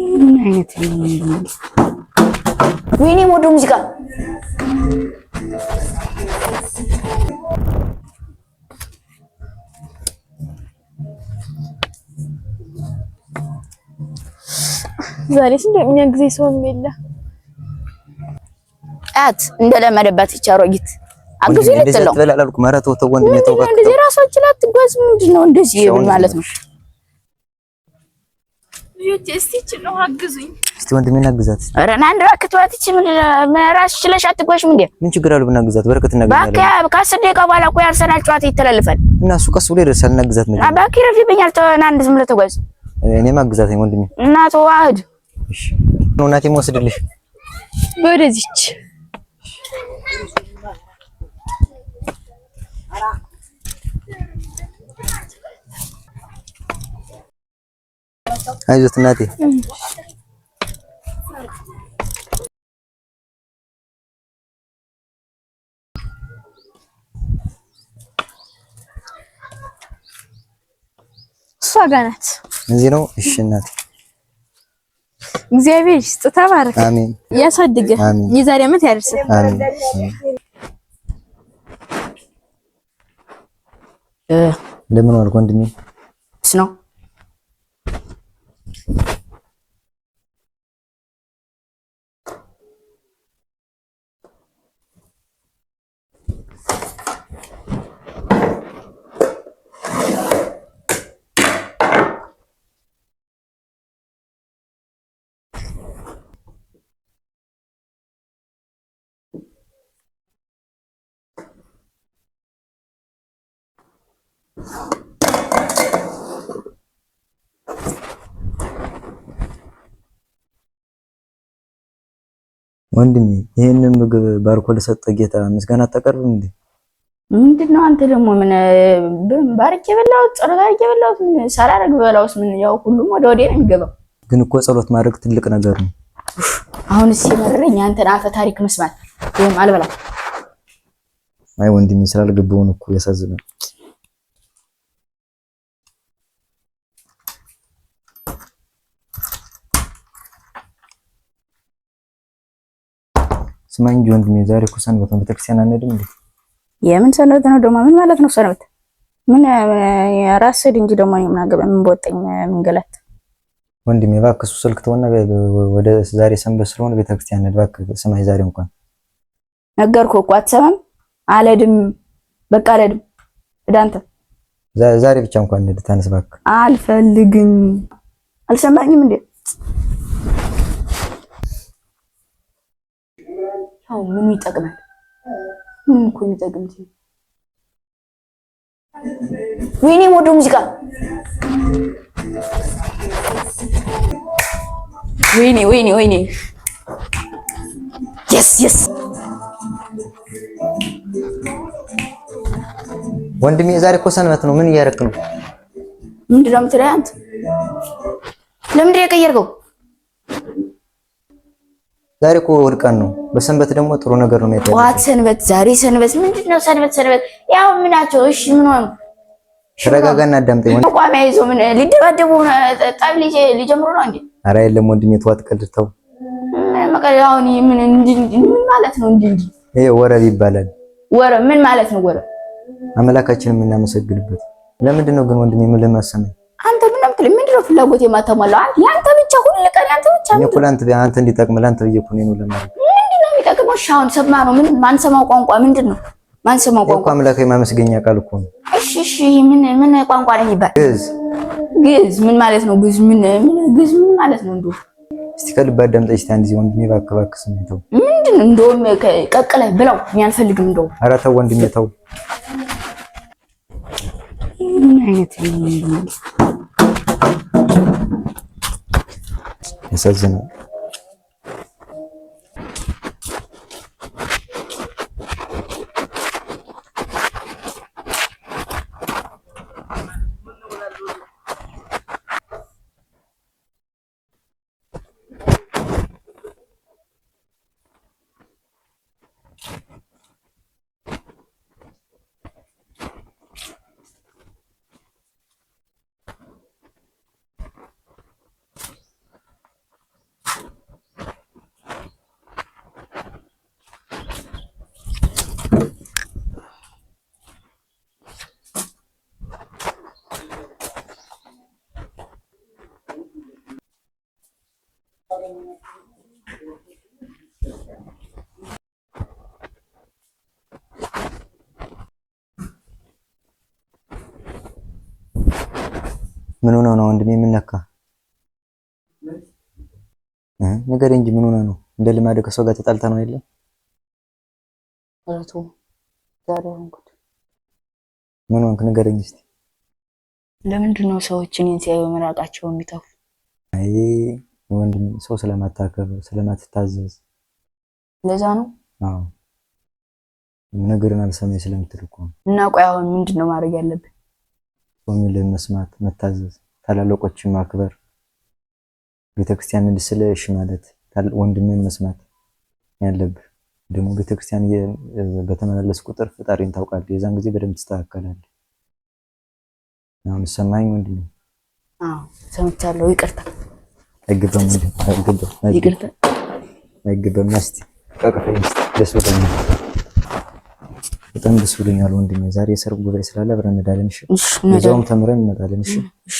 ምን አይነት ወይኔ ወደ ሙዚቃ ዛሬስ እንደምን ጊዜ ሰውም የለ። አት እንደለመደባት ይቻ አሮጊት አግዙኝ ልትለው አላልኩም። ኧረ ተው እንደዚህ ምንድን ነው እንደዚህ ይሁን ማለት ነው። ልጆች እስቲ ይችላል ነው አግዙኝ። እስቲ ኧረ ና አንድ እባክህ ተዋት። ምን እራስሽ ችለሽ አትጓዥም እንዴ? ምን ችግር አለው ብናግዛት? በረከት እናገኛለን። በቃ ከአስር ደቂቃ በኋላ እኮ ያልሰናል ጨዋታ ይተላልፋል እና እሱ ቀስ ብሎ ይደርሳል። እናግዛት ነው። እባክህ ይረፍድብኛል። ና አንድ ዝም ብለህ ተጓዝ። እኔም አግዛት ወንድሜ እና ተዋህድ። እሺ ነው እናቴ የምወስድልሽ አይዞት እናቴ። እሷ ጋር ናት። እዚህ ነው። እሺ እናቴ። እግዚአብሔር ይስጥ። ተባረክ። አሜን። ያሳድገ የዛሬ ዓመት ያደርሰ። አሜን። እንደምን ዋልክ ወንድሜ? እሺ ነው ወንድሜ ይህንን ምግብ ባርኮ ለሰጠ ጌታ ምስጋና አታቀርብም እንዴ? ነው አንተ ደግሞ ምን ባርኬ በላሁት ጸሎት አድርጌ በላሁት ምን ሳላረግ በላውስ ምን ያው ሁሉም ወደ ወዴ ነው የሚገባው። ግን እኮ ጸሎት ማድረግ ትልቅ ነገር ነው። አሁን አሁንስ የመረረኝ አንተን አፈ ታሪክ መስማት ወይም አልበላ። አይ ወንድሜ ስላልገባውን እኮ ያሳዝናል። ስማኝ እንጂ ወንድሜ፣ ዛሬ እኮ ሰንበት ነው። ቤተክርስቲያን አንሄድም እንዴ? የምን ሰንበት ነው ደግሞ? ምን ማለት ነው ሰንበት? ምን ራስህ እንጂ ደግሞ እኔ ምን አገባኝ? ምን በወጣኝ ምንገላት። ወንድሜ እባክህ እሱ ስልክ ተወና፣ ወደ ዛሬ ሰንበት ስለሆነ ቤተክርስቲያን እንሂድ እባክህ። ስማኝ ዛሬ እንኳን ነገርኩህ እኮ አትሰማም። አልሄድም፣ በቃ አልሄድም። እዳንተ ዛሬ ብቻ እንኳን እንሂድ፣ ተነስ እባክህ። አልፈልግም። አልሰማኝም እንዴ? አሁን ምኑ ይጠቅማል? ምን እኮ የሚጠቅም ሲል ወይኔ ወደ ሙዚቃ ወይኔ ወይኔ ወይኔ የስ የስ ወንድሜ ዛሬ እኮ ሰንበት ነው። ምን እያደረክ ነው? ምንድን ነው የምትለኝ አንተ? ለምንድን ነው የቀየርከው? ዛሬ እኮ እሑድ ቀን ነው። በሰንበት ደግሞ ጥሩ ነገር ነው ጠዋት ሰንበት፣ ዛሬ ሰንበት። ምንድን ነው ሰንበት? ሰንበት ያው ምናቸው? እሺ ምን ሆነ? ተረጋጋና አዳምጠኝ። ቋሚያ ይዞ ምን ሊደባደቡ ጠብ ሊጀምሩ ነው እንዴ? ኧረ የለም ወንድሜ፣ ተዋት፣ ቀልድ ተው። አሁን ምን ማለት ነው? እንዲህ እንዲህ ይሄ ወረብ ይባላል። ወረብ ምን ማለት ነው? ወረብ አምላካችንን የምናመሰግንበት። ለምንድን ነው ግን ወንድሜ? ምን ለማሰማኝ አንተ ምን አልችልም። ምንድን ነው ፍላጎት የማታሟላው? ያንተ ብቻ ሁሉ ቀን ያንተ ብቻ ነው። አንተ እንዲጠቅም ለአንተ ብዬ እኮ ነው። ምንድን ነው የሚጠቅመው? ሻውን ሰማ ነው ምን ማንሰማው ቋንቋ ምንድን ነው ማንሰማው ቋንቋ? አምላክ ማመስገኛ ቃል እኮ ነው። እሺ እሺ፣ ምን ምን ቋንቋ ነው የሚባል? ግዕዝ። ግዕዝ ምን ማለት ነው? ግዕዝ ምን ምን ግዕዝ ምን ማለት ነው? እንዴ እስቲ ከልብ አዳምጠኝ እስቲ አንድ ጊዜ ወንድሜ፣ እባክህ እባክህ ስሜን ተው። ምንድን ነው እንደውም ቀቅለህ ብለው አልፈልግም። እንደው ኧረ ተው ወንድሜ ተው። ምን አይነት ነው የሚያሳዝነው ምን ሆነ ነው ወንድሜ? ምን ነካ? ንገረኝ እንጂ ምን ሆነ ነው? እንደ ልማድ ከሰው ጋር ተጣልታ ነው የለም? አራቱ ዛሬ ሆንኩት። ምን ሆንክ? ንገረኝ እስቲ። ለምንድን ነው ሰዎች እኔን ሲያዩ መራቃቸው የሚተፉ? አይ ወንድ ሰው ስለማታከብር ስለማትታዘዝ ለዛ ነው። አዎ ነገርን አልሰማኝ ስለምትል እኮ ነው። እና ቆይ አሁን ምንድን ነው ማድረግ ያለብን? ሰው መስማት፣ መታዘዝ፣ ታላላቆችን ማክበር፣ ቤተክርስቲያን እንድስለ እሺ ማለት፣ ወንድምህን መስማት ያለብህ። ደግሞ ቤተክርስቲያን በተመላለስ ቁጥር ፍጣሪን ታውቃለህ። የዛን ጊዜ በደንብ ትስተካከላለህ። አሁን ሰማኝ ወንድም? አዎ ሰምቻለሁ። ይቅርታ አይገባም አይገባም። በጣም ደስ ብሎኛል ወንድሜ። ዛሬ የሰርጉ ጉባኤ ስላለ አብረን እንሄዳለን። እሺ፣ ተምረን እንመጣለን። እሺ፣ እሺ።